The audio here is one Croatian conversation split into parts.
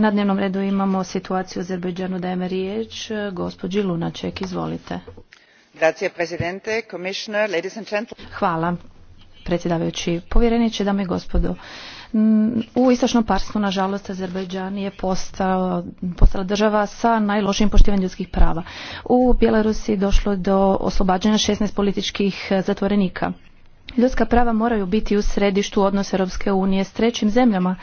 Na dnevnom redu imamo situaciju u Azerbejdžanu je riječ. E, gospođi Lunaček, izvolite. Hvala, predsjedavajući povjereniče, dame i gospodo. U istočnom parstvu, nažalost, Azerbejdžan je postala država sa najlošim poštivanjem ljudskih prava. U Bjelorusiji došlo do oslobađanja 16 političkih e, zatvorenika. Ljudska prava moraju biti u središtu odnosa Europske unije s trećim zemljama.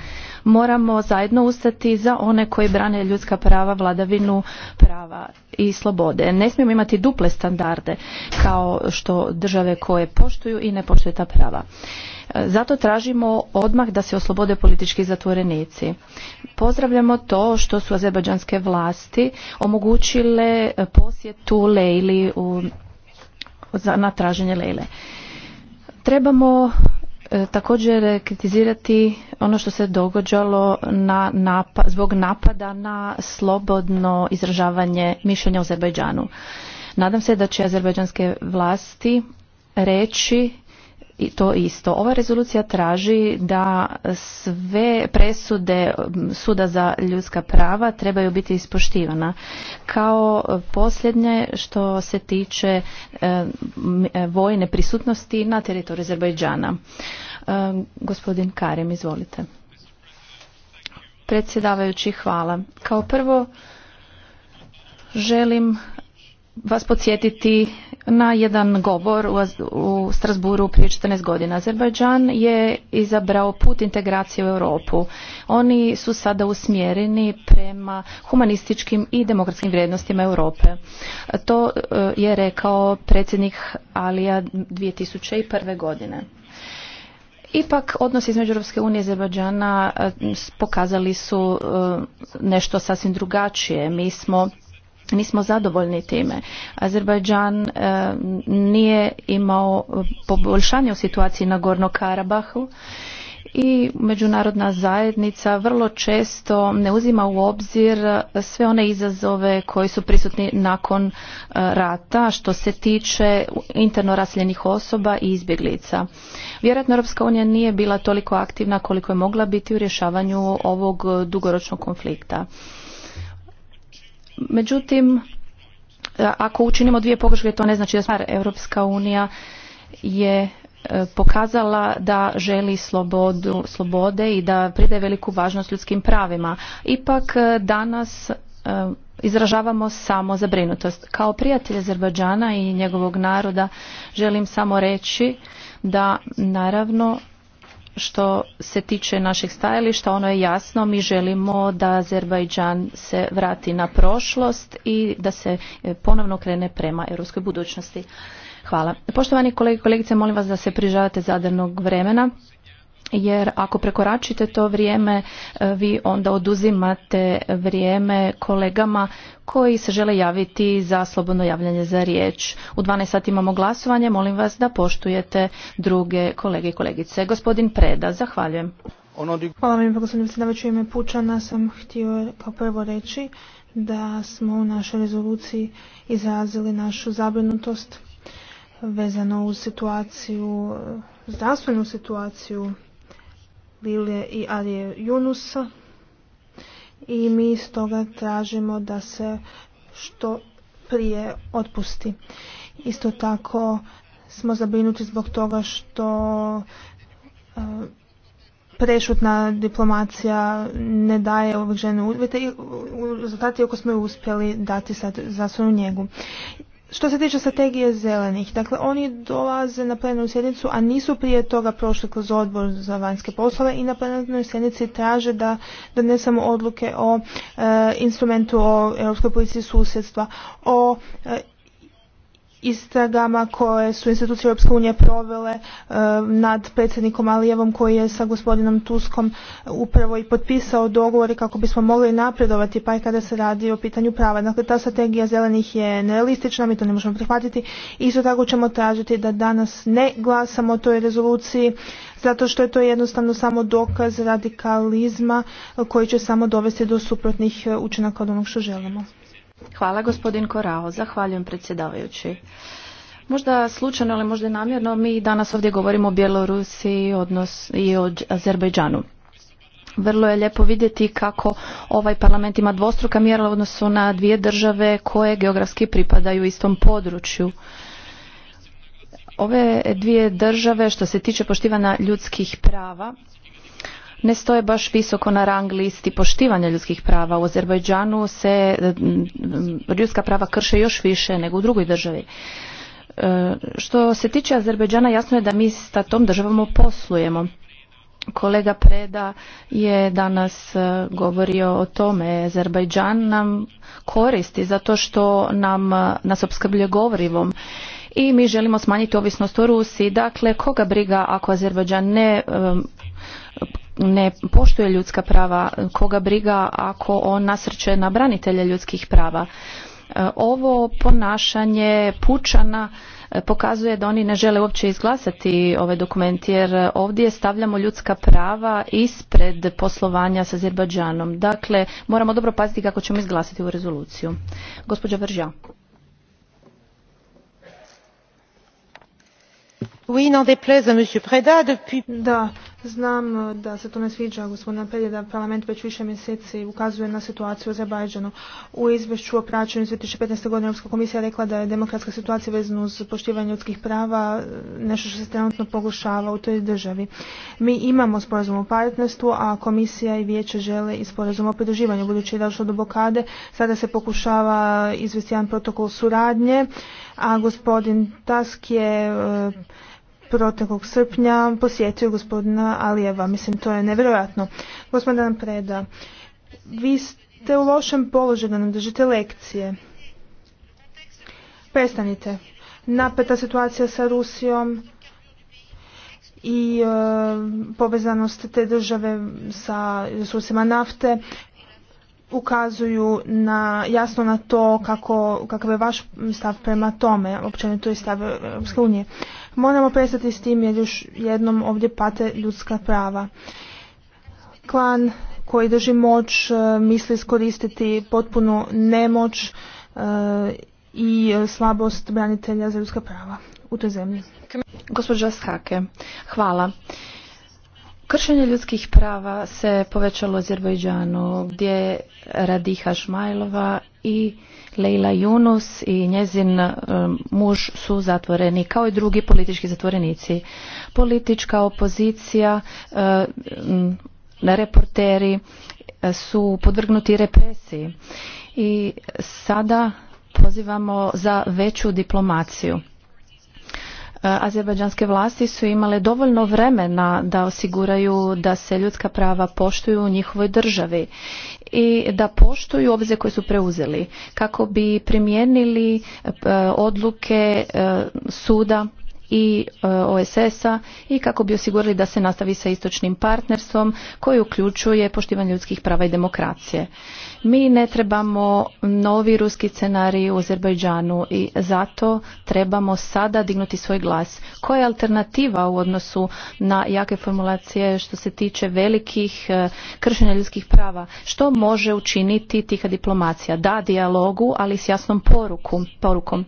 Moramo zajedno ustati za one koji brane ljudska prava, vladavinu prava i slobode. Ne smijemo imati duple standarde kao što države koje poštuju i ne poštuju ta prava. Zato tražimo odmah da se oslobode politički zatvorenici. Pozdravljamo to što su azerbađanske vlasti omogućile posjetu Lejli u, za, na traženje Lejle. Trebamo e, također kritizirati ono što se događalo na zbog napada na slobodno izražavanje mišljenja u Azerbajdžanu. Nadam se da će azerbajdžanske vlasti reći to isto. Ova rezolucija traži da sve presude Suda za ljudska prava trebaju biti ispoštivana. Kao posljednje što se tiče e, e, vojne prisutnosti na teritoriju Azerbajdžana. E, gospodin Karim, izvolite. Predsjedavajući, hvala. Kao prvo želim vas podsjetiti na jedan govor u Strasburu prije 14 godina. Azerbajdžan je izabrao put integracije u Europu. Oni su sada usmjereni prema humanističkim i demokratskim vrijednostima Europe. To e, je rekao predsjednik Alija 2001. godine. Ipak odnos između Europske unije i Azerbajdžana e, pokazali su e, nešto sasvim drugačije. Mi smo nismo zadovoljni time. Azerbajdžan e, nije imao poboljšanje u situaciji na Gorno Karabahu i međunarodna zajednica vrlo često ne uzima u obzir sve one izazove koji su prisutni nakon e, rata što se tiče interno raseljenih osoba i izbjeglica. Vjerojatno Europska unija nije bila toliko aktivna koliko je mogla biti u rješavanju ovog dugoročnog konflikta. Međutim, ako učinimo dvije pogreške, to ne znači da stvar Europska unija je e, pokazala da želi slobodu, slobode i da pride veliku važnost ljudskim pravima. Ipak e, danas e, izražavamo samo zabrinutost. Kao prijatelj Azerbajdžana i njegovog naroda želim samo reći da naravno što se tiče naših stajališta, ono je jasno, mi želimo da Azerbajdžan se vrati na prošlost i da se e, ponovno krene prema europskoj budućnosti. Hvala. Poštovani kolege i kolegice, molim vas da se prižavate zadanog vremena jer ako prekoračite to vrijeme e, vi onda oduzimate vrijeme kolegama koji se žele javiti za slobodno javljanje za riječ. U 12 sati imamo glasovanje, molim vas da poštujete druge kolege i kolegice. Gospodin Preda, zahvaljujem. Ono Hvala vam, gospodin predsjedavajući, u ime Pučana sam htio kao prvo reći da smo u našoj rezoluciji izrazili našu zabrinutost vezano uz situaciju, zdravstvenu situaciju Lilje i Arije Junusa i mi stoga tražimo da se što prije otpusti. Isto tako smo zabrinuti zbog toga što e, prešutna diplomacija ne daje ovog žene uvjete i rezultati ako smo ju uspjeli dati sad za svoju njegu. Što se tiče strategije zelenih, dakle oni dolaze na plenarnu sjednicu, a nisu prije toga prošli kroz odbor za vanjske poslove i na plenarnoj sjednici traže da donesemo odluke o e, instrumentu o europskoj policiji susjedstva, o e, istragama koje su institucije Europske unije provele e, nad predsjednikom Alijevom koji je sa gospodinom Tuskom upravo i potpisao dogovore kako bismo mogli napredovati pa i kada se radi o pitanju prava. Dakle, ta strategija zelenih je nerealistična, mi to ne možemo prihvatiti. i Isto tako ćemo tražiti da danas ne glasamo o toj rezoluciji zato što je to jednostavno samo dokaz radikalizma koji će samo dovesti do suprotnih učinaka od onog što želimo. Hvala gospodin Korao. Zahvaljujem predsjedavajući. Možda slučajno, ali možda namjerno, mi danas ovdje govorimo o Bjelorusiji odnos, i o Azerbajdžanu. Vrlo je lijepo vidjeti kako ovaj parlament ima dvostruka mjera u odnosu na dvije države koje geografski pripadaju istom području. Ove dvije države što se tiče poštivanja ljudskih prava ne stoje baš visoko na rang listi poštivanja ljudskih prava. U Azerbajdžanu se mm, ljudska prava krše još više nego u drugoj državi. E, što se tiče Azerbajdžana jasno je da mi sa tom državom poslujemo. Kolega Preda je danas e, govorio o tome. Azerbajdžan nam koristi zato što nam, e, nas opskrbljuje govorivom i mi želimo smanjiti ovisnost o Rusiji. Dakle, koga briga ako Azerbajdžan ne ne poštuje ljudska prava, koga briga ako on nasrće na branitelje ljudskih prava. E, ovo ponašanje pučana e, pokazuje da oni ne žele uopće izglasati ovaj dokument jer ovdje stavljamo ljudska prava ispred poslovanja sa Azerbajdžanom. Dakle, moramo dobro paziti kako ćemo izglasati ovu rezoluciju. Gospođa Vržja. Da, znam eh, da se to ne sviđa gospodina Preda, da parlament već više mjeseci ukazuje na situaciju u Azerbajdžanu. U izvješću o praćenju iz 2015. godine Europska komisija rekla da je demokratska situacija vezana uz poštivanje ljudskih prava eh, nešto što se trenutno pogušava u toj državi. Mi imamo sporazum o partnerstvu, a komisija i vijeće žele i sporazum o pridruživanju. Budući je došlo do blokade, sada se pokušava izvesti jedan protokol suradnje a gospodin Task je e, protekog srpnja posjetio gospodina Alijeva. Mislim, to je nevjerojatno. Gospodin Preda, vi ste u lošem položaju da nam držite lekcije. Prestanite. Napeta situacija sa Rusijom i e, povezanost te države sa resursima nafte ukazuju na, jasno na to kako, kakav je vaš stav prema tome, općenito i stav Europske unije. Moramo prestati s tim jer još jednom ovdje pate ljudska prava. Klan koji drži moć e, misli iskoristiti potpunu nemoć e, i slabost branitelja za ljudska prava u toj zemlji. Gospođa Skake, hvala. Kršenje ljudskih prava se povećalo u Azerbajdžanu gdje Radiha Šmajlova i Leila Yunus i njezin e, muž su zatvoreni kao i drugi politički zatvorenici. Politička opozicija, e, reporteri e, su podvrgnuti represiji i sada pozivamo za veću diplomaciju. E, azerbajdžanske vlasti su imale dovoljno vremena da osiguraju da se ljudska prava poštuju u njihovoj državi i da poštuju obveze koje su preuzeli kako bi primijenili e, odluke e, suda i e, OSS-a i kako bi osigurali da se nastavi sa istočnim partnerstvom koji uključuje poštivanje ljudskih prava i demokracije. Mi ne trebamo novi ruski scenarij u Azerbajdžanu i zato trebamo sada dignuti svoj glas. Koja je alternativa u odnosu na jake formulacije što se tiče velikih e, kršenja ljudskih prava? Što može učiniti tiha diplomacija? Da, dijalogu, ali s jasnom porukom.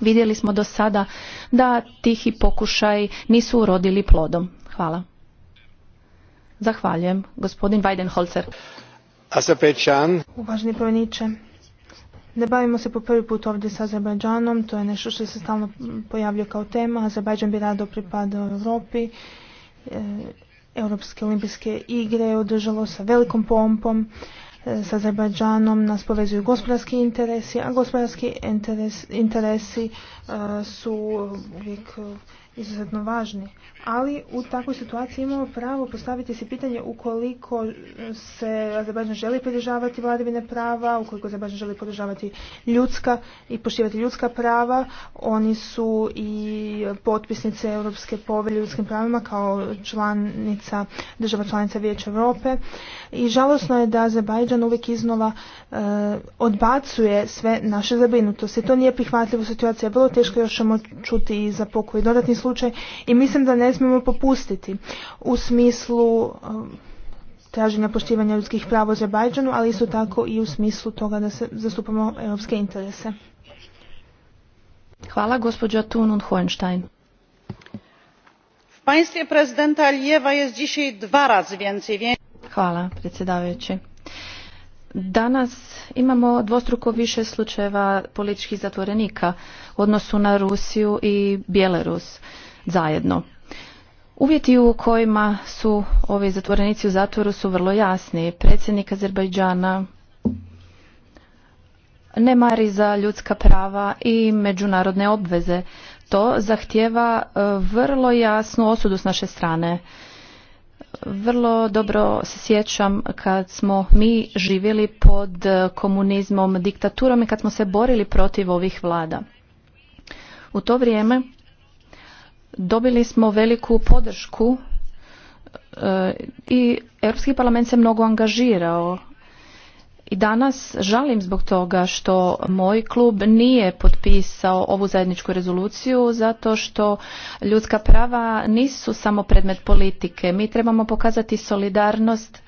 Vidjeli smo do sada da tihi pokušaj nisu urodili plodom. Hvala. Zahvaljujem. Gospodin Weidenholzer. Asapečan. Uvaženi ne bavimo se po prvi put ovdje sa Azerbajdžanom, to je nešto što se stalno pojavljuje kao tema. Azerbajdžan bi rado pripadao Europi. E, Europske olimpijske igre je održalo sa velikom pompom s Azerbajdžanom nas povezuju gospodarski interesi, a gospodarski interesi su uvijek izuzetno važni, ali u takvoj situaciji imamo pravo postaviti se pitanje ukoliko se Azerbajdžan želi podržavati vladavine prava, ukoliko Azerbajdžan želi podržavati ljudska i poštivati ljudska prava, oni su i potpisnice Europske povelje ljudskim pravima kao članica, država članica Vijeća Europe i žalosno je da Azerbajdžan uvijek iznova eh, odbacuje sve naše zabrinutosti. To nije prihvatljivo situacija, vrlo teško još ćemo čuti i za pokoj dodatnih slučaj i mislim da ne smijemo popustiti u smislu um, traženja poštivanja ljudskih prava u Azerbajdžanu, ali isto tako i u smislu toga da se zastupamo europske interese. Hvala, gospođa Tunun Hohenstein. V państwie prezidenta Alijewa je dzisiaj dva Hvala, predsjedavajući. Danas imamo dvostruko više slučajeva političkih zatvorenika u odnosu na Rusiju i Bjelarus zajedno. Uvjeti u kojima su ovi zatvorenici u zatvoru su vrlo jasni. Predsjednik Azerbajdžana ne mari za ljudska prava i međunarodne obveze. To zahtjeva e, vrlo jasnu osudu s naše strane. Vrlo dobro se sjećam kad smo mi živjeli pod komunizmom, diktaturom i kad smo se borili protiv ovih vlada. U to vrijeme dobili smo veliku podršku e, i Europski parlament se mnogo angažirao i danas žalim zbog toga što moj klub nije potpisao ovu zajedničku rezoluciju zato što ljudska prava nisu samo predmet politike. Mi trebamo pokazati solidarnost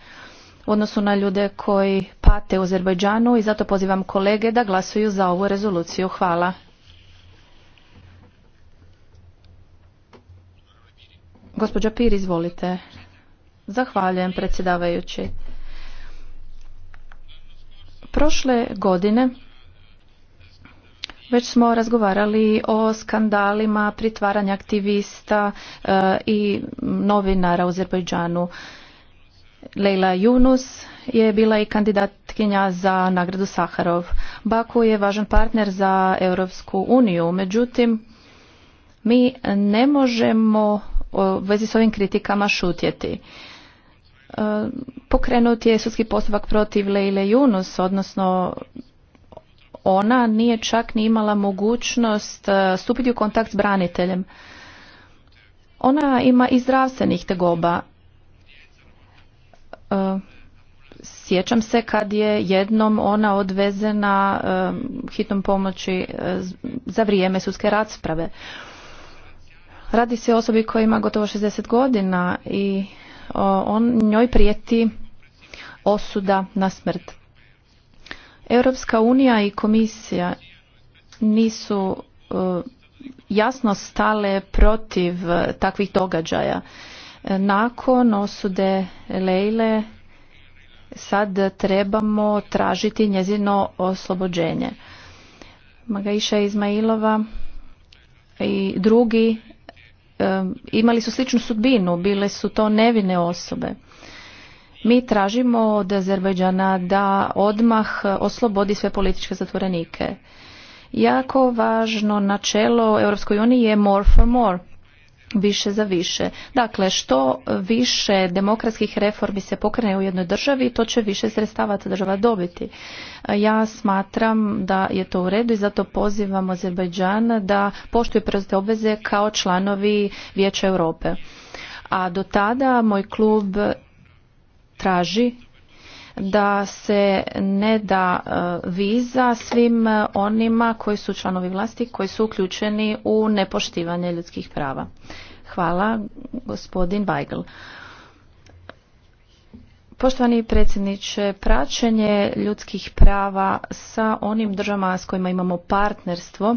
u odnosu na ljude koji pate u Azerbajdžanu i zato pozivam kolege da glasuju za ovu rezoluciju. Hvala. Gospođa Pir, izvolite. Zahvaljujem predsjedavajući. Prošle godine već smo razgovarali o skandalima pritvaranja aktivista e, i novinara u Azerbajdžanu. Leila Yunus je bila i kandidatkinja za nagradu Saharov. Baku je važan partner za Europsku uniju, međutim mi ne možemo u vezi s ovim kritikama šutjeti pokrenut je sudski postupak protiv Leile Junus, odnosno ona nije čak ni imala mogućnost e, stupiti u kontakt s braniteljem. Ona ima i zdravstvenih tegoba. E, sjećam se kad je jednom ona odvezena e, hitnom pomoći za vrijeme sudske rasprave. Radi se o osobi koja ima gotovo 60 godina i on njoj prijeti osuda na smrt. Europska unija i komisija nisu e, jasno stale protiv takvih događaja. E, nakon osude Lejle sad trebamo tražiti njezino oslobođenje. Magaiša Izmailova i drugi imali su sličnu sudbinu, bile su to nevine osobe. Mi tražimo od Azerbajdžana da odmah oslobodi sve političke zatvorenike. Jako važno načelo Europskoj uniji je more for more više za više. Dakle, što više demokratskih reformi se pokrene u jednoj državi, to će više sredstava ta država dobiti. Ja smatram da je to u redu i zato pozivam Azerbajdžan da poštuje preuzete obveze kao članovi Vijeća Europe. A do tada moj klub traži da se ne da e, viza svim e, onima koji su članovi vlasti, koji su uključeni u nepoštivanje ljudskih prava. Hvala, gospodin Weigl. Poštovani predsjedniče, praćenje ljudskih prava sa onim državama s kojima imamo partnerstvo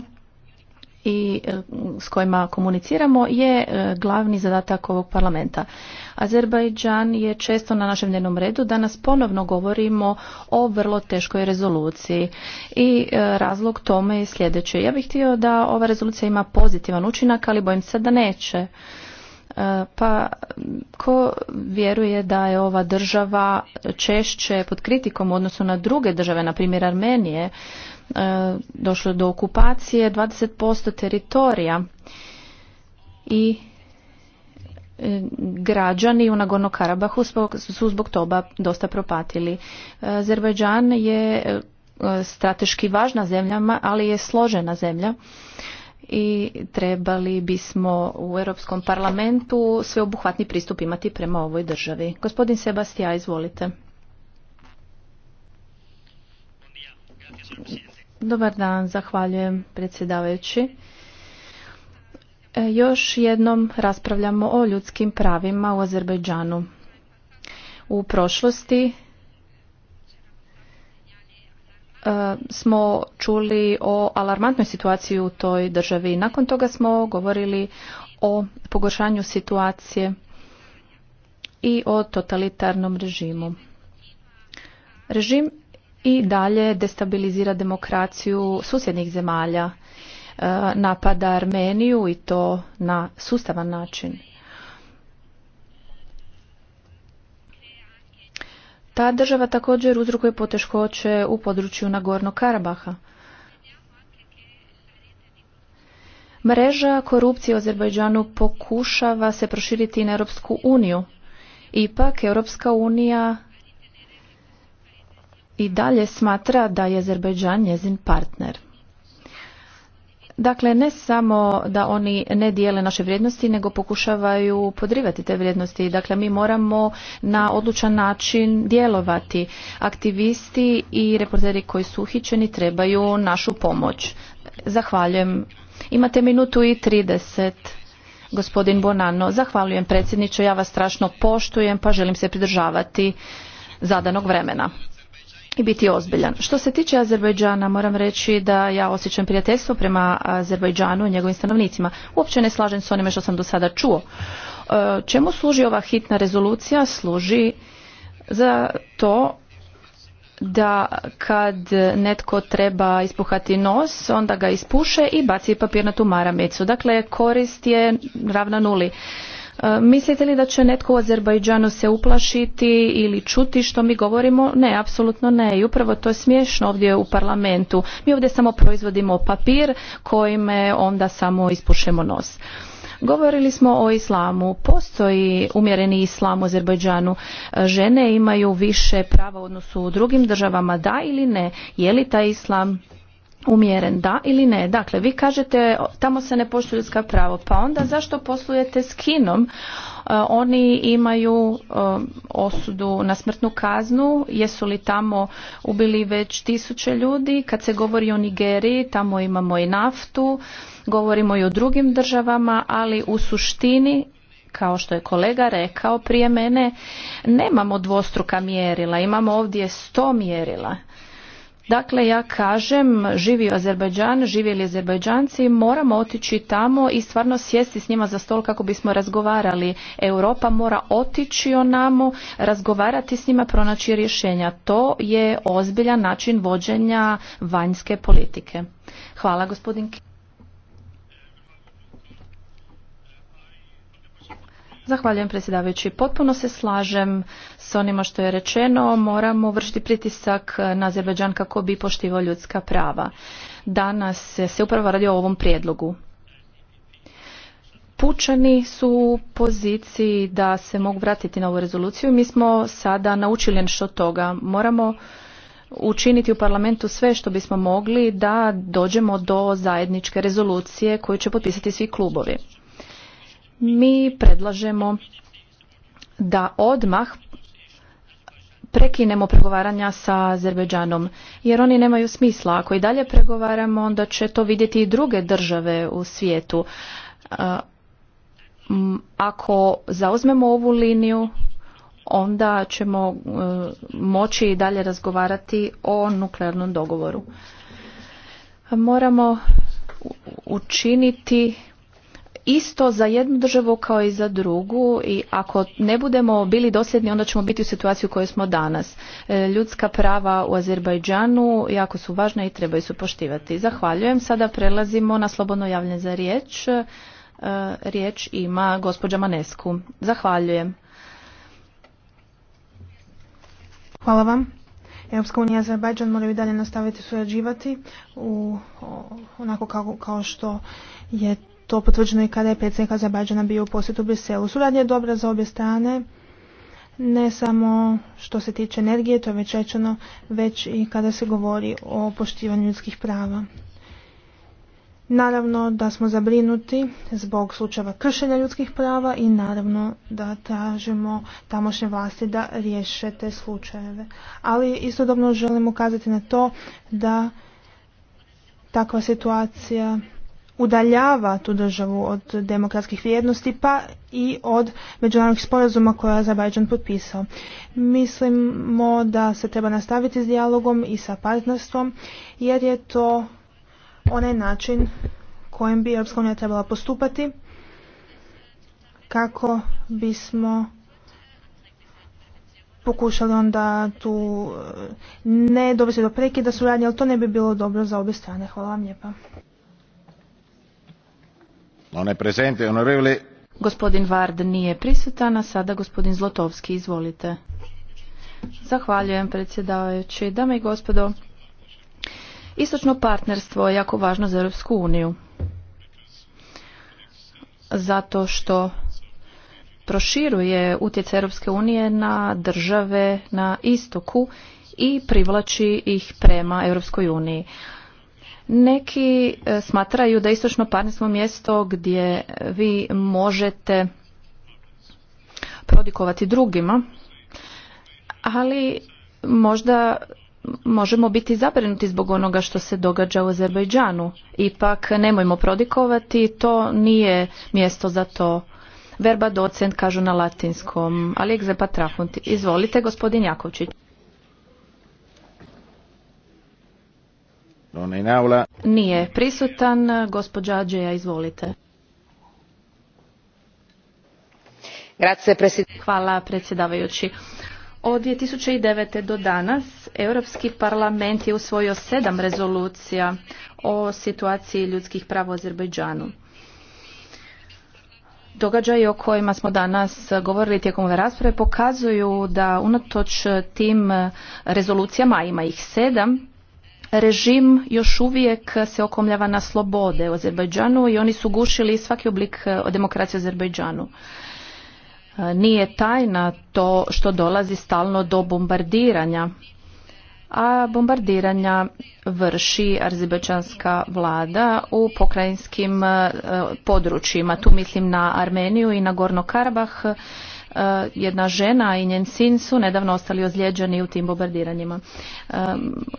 i e, s kojima komuniciramo je e, glavni zadatak ovog parlamenta. Azerbajdžan je često na našem dnevnom redu. Danas ponovno govorimo o vrlo teškoj rezoluciji i e, razlog tome je sljedeće. Ja bih htio da ova rezolucija ima pozitivan učinak, ali bojim se da neće. Pa ko vjeruje da je ova država češće pod kritikom u odnosu na druge države, na primjer Armenije, E, došlo do okupacije 20% teritorija i e, građani u Nagorno-Karabahu su zbog toga dosta propatili. E, Azerbajdžan je strateški važna zemlja, ali je složena zemlja i trebali bismo u Europskom parlamentu sveobuhvatni pristup imati prema ovoj državi. Gospodin Sebastija, izvolite. Dobar dan, zahvaljujem predsjedavajući. E, još jednom raspravljamo o ljudskim pravima u Azerbejdžanu. U prošlosti e, smo čuli o alarmantnoj situaciji u toj državi. Nakon toga smo govorili o pogoršanju situacije i o totalitarnom režimu. Režim i dalje destabilizira demokraciju susjednih zemalja, e, napada Armeniju i to na sustavan način. Ta država također uzrokuje poteškoće u području Nagorno Karabaha. Mreža korupcije u Azerbajdžanu pokušava se proširiti na Europsku uniju. Ipak Europska unija i dalje smatra da je Azerbejdžan njezin partner. Dakle, ne samo da oni ne dijele naše vrijednosti, nego pokušavaju podrivati te vrijednosti. Dakle, mi moramo na odlučan način djelovati. Aktivisti i reporteri koji su uhićeni trebaju našu pomoć. Zahvaljujem. Imate minutu i 30. Gospodin Bonanno, zahvaljujem predsjedniče, ja vas strašno poštujem pa želim se pridržavati zadanog vremena i biti ozbiljan. Što se tiče Azerbajdžana, moram reći da ja osjećam prijateljstvo prema Azerbajdžanu i njegovim stanovnicima. Uopće ne slažem s onime što sam do sada čuo. E, čemu služi ova hitna rezolucija? Služi za to da kad netko treba ispuhati nos, onda ga ispuše i baci papir na tu maramicu. Dakle, korist je ravna nuli. E, mislite li da će netko u Azerbajdžanu se uplašiti ili čuti što mi govorimo? Ne, apsolutno ne. I upravo to je smiješno ovdje u parlamentu. Mi ovdje samo proizvodimo papir kojime onda samo ispušemo nos. Govorili smo o islamu. Postoji umjereni islam u Azerbajdžanu. E, žene imaju više prava u odnosu u drugim državama, da ili ne? Je li taj islam umjeren da ili ne. Dakle, vi kažete tamo se ne poštuju ljudska pravo, pa onda zašto poslujete s Kinom? E, oni imaju e, osudu na smrtnu kaznu, jesu li tamo ubili već tisuće ljudi? Kad se govori o Nigeriji, tamo imamo i naftu, govorimo i o drugim državama, ali u suštini kao što je kolega rekao prije mene, nemamo dvostruka mjerila, imamo ovdje sto mjerila Dakle, ja kažem, živi Azerbajdžan, živjeli Azerbajdžanci, moramo otići tamo i stvarno sjesti s njima za stol kako bismo razgovarali. Europa mora otići o namo, razgovarati s njima, pronaći rješenja. To je ozbiljan način vođenja vanjske politike. Hvala, gospodin Zahvaljujem predsjedavajući. Potpuno se slažem s onima što je rečeno. Moramo vršiti pritisak na Azerbeđan kako bi poštivao ljudska prava. Danas se upravo radi o ovom prijedlogu. Pučani su u poziciji da se mogu vratiti na ovu rezoluciju. Mi smo sada naučili nešto toga. Moramo učiniti u parlamentu sve što bismo mogli da dođemo do zajedničke rezolucije koju će potpisati svi klubovi mi predlažemo da odmah prekinemo pregovaranja sa Azerbejdžanom jer oni nemaju smisla. Ako i dalje pregovaramo onda će to vidjeti i druge države u svijetu. E, ako zauzmemo ovu liniju onda ćemo e, moći i dalje razgovarati o nuklearnom dogovoru. Moramo učiniti isto za jednu državu kao i za drugu i ako ne budemo bili dosljedni onda ćemo biti u situaciji u kojoj smo danas. E, ljudska prava u Azerbajdžanu jako su važna i trebaju su poštivati. Zahvaljujem. Sada prelazimo na slobodno javljanje za riječ. E, riječ ima gospođa Manesku. Zahvaljujem. Hvala vam. Europska unija i Azerbajdžan moraju i dalje nastaviti surađivati u, onako kao, kao što je to potvrđeno i kada je predsjednik Azerbajdžana bio u posjetu u Briselu. Suradnja je dobra za obje strane, ne samo što se tiče energije, to je već rečeno, već i kada se govori o poštivanju ljudskih prava. Naravno da smo zabrinuti zbog slučajeva kršenja ljudskih prava i naravno da tražimo tamošnje vlasti da riješe te slučajeve. Ali istodobno želim ukazati na to da takva situacija udaljava tu državu od demokratskih vrijednosti pa i od međunarodnih sporazuma koje je Azerbajdžan potpisao. Mislimo da se treba nastaviti s dijalogom i sa partnerstvom jer je to onaj način kojim bi Europska unija trebala postupati kako bismo pokušali onda tu ne dovesti do prekida suradnje, ali to ne bi bilo dobro za obje strane. Hvala vam lijepa. Gospodin Vard nije prisutan, a sada gospodin Zlotovski, izvolite. Zahvaljujem predsjedavajući. Dame i gospodo, istočno partnerstvo je jako važno za Europsku uniju. Zato što proširuje utjecaj Europske unije na države na istoku i privlači ih prema Europskoj uniji. Neki e, smatraju da istočno partnerstvo mjesto gdje vi možete prodikovati drugima, ali možda možemo biti zabrinuti zbog onoga što se događa u Azerbajdžanu. Ipak nemojmo prodikovati, to nije mjesto za to. Verba docent kažu na latinskom, ali egzepa Izvolite, gospodin Jakovčić. Nije prisutan. Gospođa Ađeja, izvolite. Hvala predsjedavajući. Od 2009. do danas Europski parlament je usvojio sedam rezolucija o situaciji ljudskih prava u Azerbejdžanu. Događaje o kojima smo danas govorili tijekom ove rasprave pokazuju da unatoč tim rezolucijama, ima ih sedam, Režim još uvijek se okomljava na slobode u Azerbajdžanu i oni su gušili svaki oblik e, demokracije u Azerbajdžanu. E, nije tajna to što dolazi stalno do bombardiranja, a bombardiranja vrši azerbajdžanska vlada u pokrajinskim e, područjima. Tu mislim na Armeniju i na Gorno Karabah E, jedna žena i njen sin su nedavno ostali ozlijeđeni u tim bombardiranjima. E,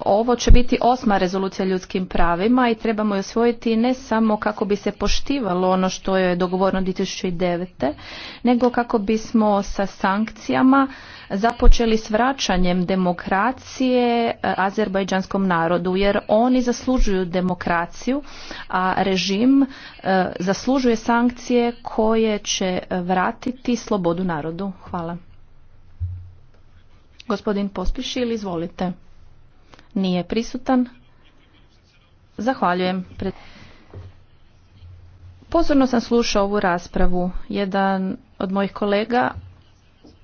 ovo će biti osma rezolucija ljudskim pravima i trebamo je osvojiti ne samo kako bi se poštivalo ono što je dogovorno 2009. nego kako bismo sa sankcijama započeli s vraćanjem demokracije e, azerbajdžanskom narodu jer oni zaslužuju demokraciju a režim zaslužuje sankcije koje će vratiti slobodu narodu narodu. Hvala. Gospodin ili izvolite. Nije prisutan. Zahvaljujem. Pozorno sam slušao ovu raspravu. Jedan od mojih kolega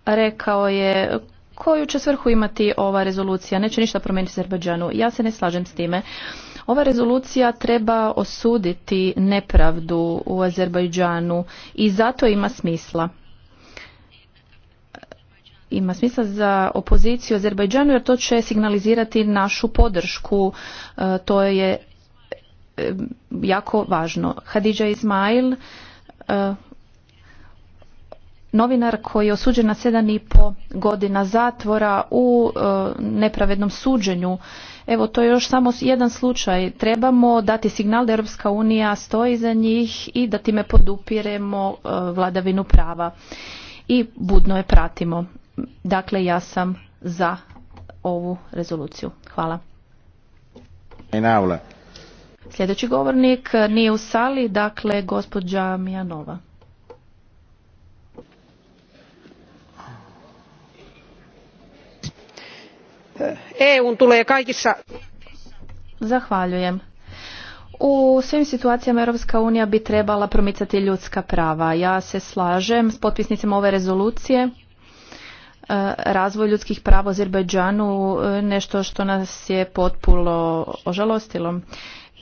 rekao je koju će svrhu imati ova rezolucija. Neće ništa promijeniti Azerbajdžanu. Ja se ne slažem s time. Ova rezolucija treba osuditi nepravdu u Azerbajdžanu i zato ima smisla ima smisla za opoziciju Azerbajdžanu jer to će signalizirati našu podršku. E, to je e, jako važno. Hadidža Ismail, e, novinar koji je osuđen na 7,5 godina zatvora u nepravednom suđenju. Evo, to je još samo jedan slučaj. Trebamo dati signal da Europska unija stoji za njih i da time podupiremo vladavinu prava i budno je pratimo. Dakle, ja sam za ovu rezoluciju. Hvala. Sljedeći govornik nije u sali, dakle, gospođa Mijanova. E, tulee Zahvaljujem. U svim situacijama Europska unija bi trebala promicati ljudska prava. Ja se slažem s potpisnicima ove rezolucije E, razvoj ljudskih prava u Azerbejdžanu e, nešto što nas je potpuno ožalostilo.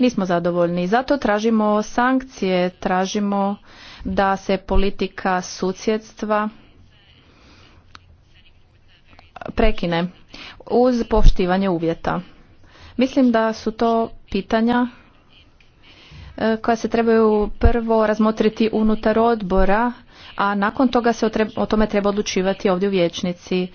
Nismo zadovoljni. Zato tražimo sankcije, tražimo da se politika susjedstva prekine uz poštivanje uvjeta. Mislim da su to pitanja e, koja se trebaju prvo razmotriti unutar odbora a nakon toga se o, tome treba odlučivati ovdje u vječnici.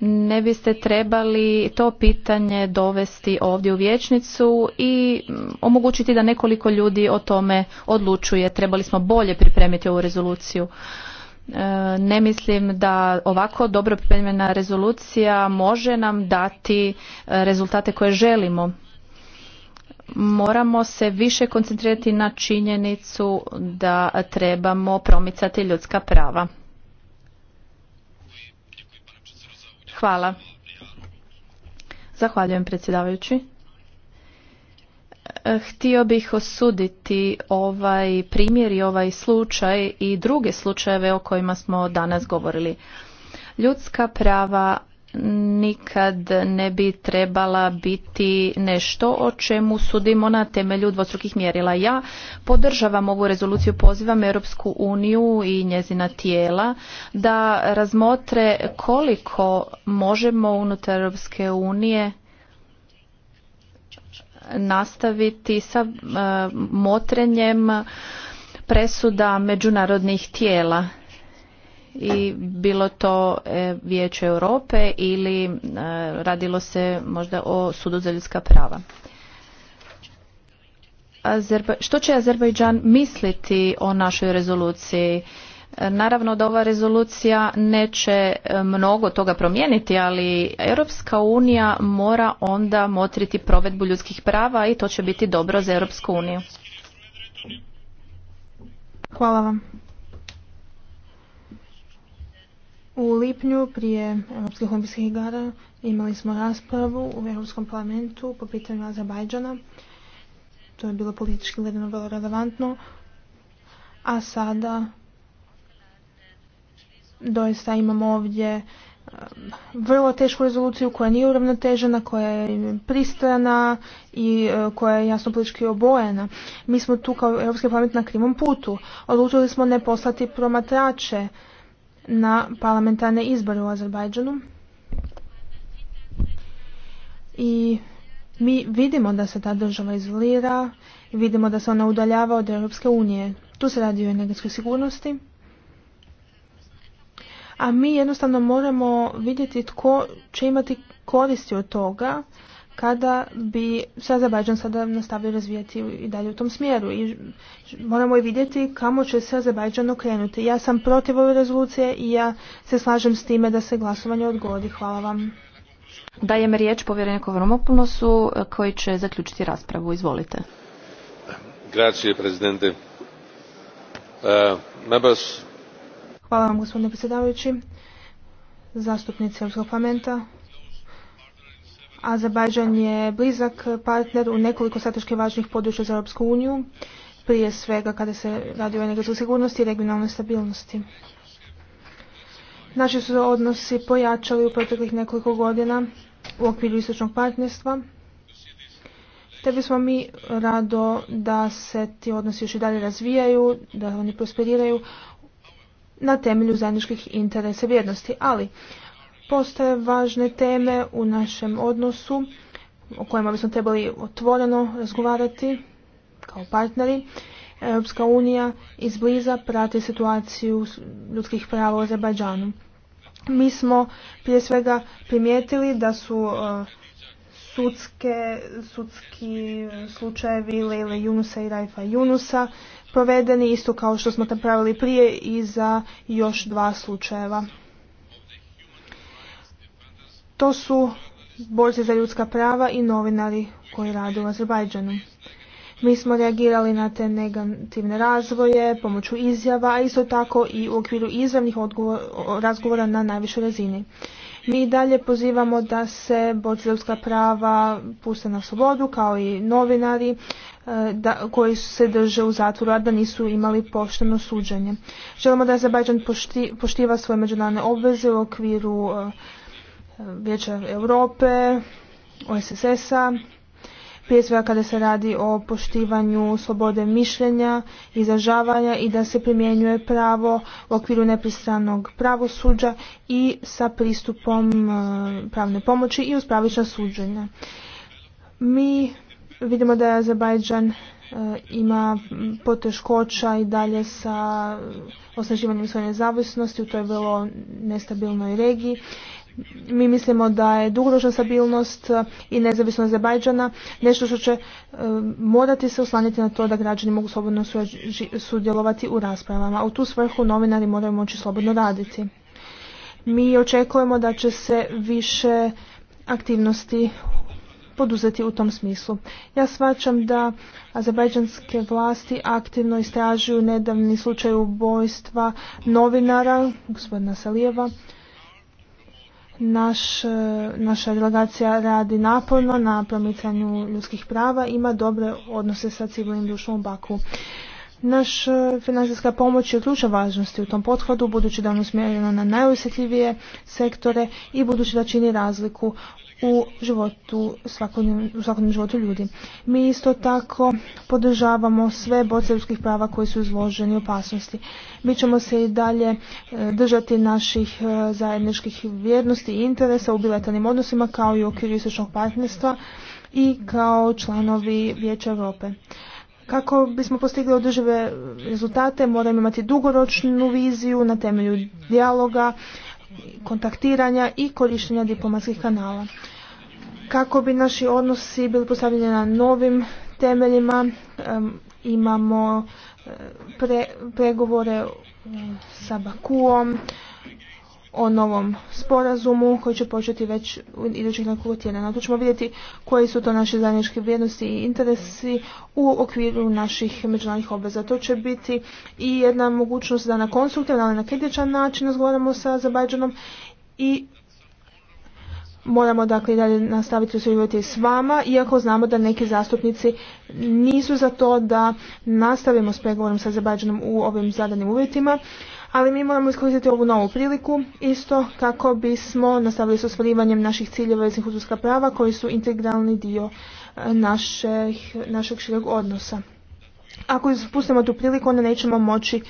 Ne biste trebali to pitanje dovesti ovdje u vječnicu i mm, omogućiti da nekoliko ljudi o tome odlučuje. Trebali smo bolje pripremiti ovu rezoluciju. E, ne mislim da ovako dobro pripremljena rezolucija može nam dati e, rezultate koje želimo moramo se više koncentrirati na činjenicu da trebamo promicati ljudska prava. Hvala. Zahvaljujem predsjedavajući. E, htio bih osuditi ovaj primjer i ovaj slučaj i druge slučajeve o kojima smo danas govorili. Ljudska prava nikad ne bi trebala biti nešto o čemu sudimo na temelju dvostrukih mjerila. Ja podržavam ovu rezoluciju, pozivam Europsku uniju i njezina tijela da razmotre koliko možemo unutar Europske unije nastaviti sa eh, motrenjem presuda međunarodnih tijela i bilo to e, Vijeće Europe ili e, radilo se možda o sudu za ljudska prava. Što će Azerbajdžan misliti o našoj rezoluciji? E, naravno da ova rezolucija neće mnogo toga promijeniti, ali Europska unija mora onda motriti provedbu ljudskih prava i to će biti dobro za Europsku uniju. Hvala vam. U lipnju prije Europskih olimpijskih igara imali smo raspravu u Europskom parlamentu po pitanju Azerbajdžana. To je bilo politički gledano vrlo relevantno. A sada doista imamo ovdje um, vrlo tešku rezoluciju koja nije uravnotežena, koja je pristrana i e, koja je jasno politički obojena. Mi smo tu kao Europski parlament na krivom putu. Odlučili smo ne poslati promatrače na parlamentarne izbore u Azerbajdžanu. I mi vidimo da se ta država izolira, vidimo da se ona udaljava od Europske unije. Tu se radi o energetskoj sigurnosti. A mi jednostavno moramo vidjeti tko će imati koristi od toga kada bi se Azerbajdžan sada nastavio razvijati i dalje u tom smjeru. I moramo i vidjeti kamo će se Azerbajdžan okrenuti. Ja sam protiv ove rezolucije i ja se slažem s time da se glasovanje odgodi. Hvala vam. Dajem riječ povjereniku Vromopunosu eh, koji će zaključiti raspravu. Izvolite. prezidente. Eh, Hvala vam, gospodine predsjedavajući. Zastupnici Europskog parlamenta, Azerbajdžan je blizak partner u nekoliko strateški važnih područja za Europsku uniju, prije svega kada se radi o energetskoj sigurnosti i regionalnoj stabilnosti. Naši su odnosi pojačali u proteklih nekoliko godina u okviru istočnog partnerstva, te bismo mi rado da se ti odnosi još i dalje razvijaju, da oni prosperiraju na temelju zajedničkih interesa i vrijednosti. Ali, Postoje važne teme u našem odnosu o kojima bismo trebali otvoreno razgovarati kao partneri. Europska unija izbliza prati situaciju ljudskih prava u Azerbajdžanu. Mi smo prije svega primijetili da su uh, sudske, sudski slučajevi Lele Junusa i Rajfa Junusa provedeni isto kao što smo pravili prije i za još dva slučajeva to su borci za ljudska prava i novinari koji rade u Azerbajdžanu. Mi smo reagirali na te negativne razvoje pomoću izjava, a isto tako i u okviru izravnih razgovora na najvišoj razini. Mi dalje pozivamo da se borci za ljudska prava puste na slobodu, kao i novinari e, koji se drže u zatvoru, a da nisu imali pošteno suđenje. Želimo da Azerbajdžan poštiva svoje međunarodne obveze u okviru e, Vijeća Europe, OSSS-a, prije svega kada se radi o poštivanju slobode mišljenja, izražavanja i da se primjenjuje pravo u okviru nepristranog pravosuđa i sa pristupom e, pravne pomoći i uz suđenja. Mi vidimo da je Azerbajdžan e, ima poteškoća i dalje sa osnaživanjem svoje nezavisnosti u toj vrlo nestabilnoj regiji mi mislimo da je dugoročna stabilnost e, i nezavisnost Azerbajdžana nešto što će e, morati se oslanjati na to da građani mogu slobodno sudjelovati u raspravama. U tu svrhu novinari moraju moći slobodno raditi. Mi očekujemo da će se više aktivnosti poduzeti u tom smislu. Ja svačam da azerbajdžanske vlasti aktivno istražuju nedavni slučaj ubojstva novinara, gospodina Salijeva, naš, e, naša delegacija radi naporno na promicanju ljudskih prava, ima dobre odnose sa civilnim društvom u Baku. Naš e, financijska pomoć je važnosti u tom pothodu, budući da je on usmjereno na najosjetljivije sektore i budući da čini razliku u životu, u životu ljudi. Mi isto tako podržavamo sve boce ljudskih prava koji su izloženi opasnosti. Mi ćemo se i dalje e, držati naših e, zajedničkih vjernosti i interesa u bilateralnim odnosima kao i u okviru istočnog partnerstva i kao članovi Vijeća Europe. Kako bismo postigli održive rezultate, moramo imati dugoročnu viziju na temelju dijaloga, kontaktiranja i korištenja diplomatskih kanala. Kako bi naši odnosi bili postavljeni na novim temeljima, imamo eh, pregovore sa Bakuom, o novom sporazumu koji će početi već u idućih nekoliko tjedana. Tu ćemo vidjeti koji su to naše zajedničke vrijednosti i interesi u okviru naših međunarodnih obveza. To će biti i jedna mogućnost da na konstruktivan, ali na kritičan način razgovaramo sa Azerbajdžanom i moramo dakle i dalje nastaviti usvojivati s vama, iako znamo da neki zastupnici nisu za to da nastavimo s pregovorom sa Azerbajdžanom u ovim zadanim uvjetima ali mi moramo iskoristiti ovu novu priliku isto kako bismo nastavili s ostvarivanjem naših ciljeva i prava koji su integralni dio e, našeg šireg odnosa. Ako ispustimo tu priliku, onda nećemo moći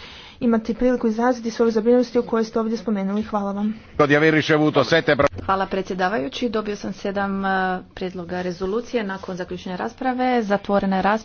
imati priliku izraziti svoje zabrinutost o kojoj ste ovdje spomenuli. Hvala vam. Hvala predsjedavajući. Dobio sam sedam e, prijedloga rezolucije nakon zaključenja rasprave. Zatvorena je rasprava.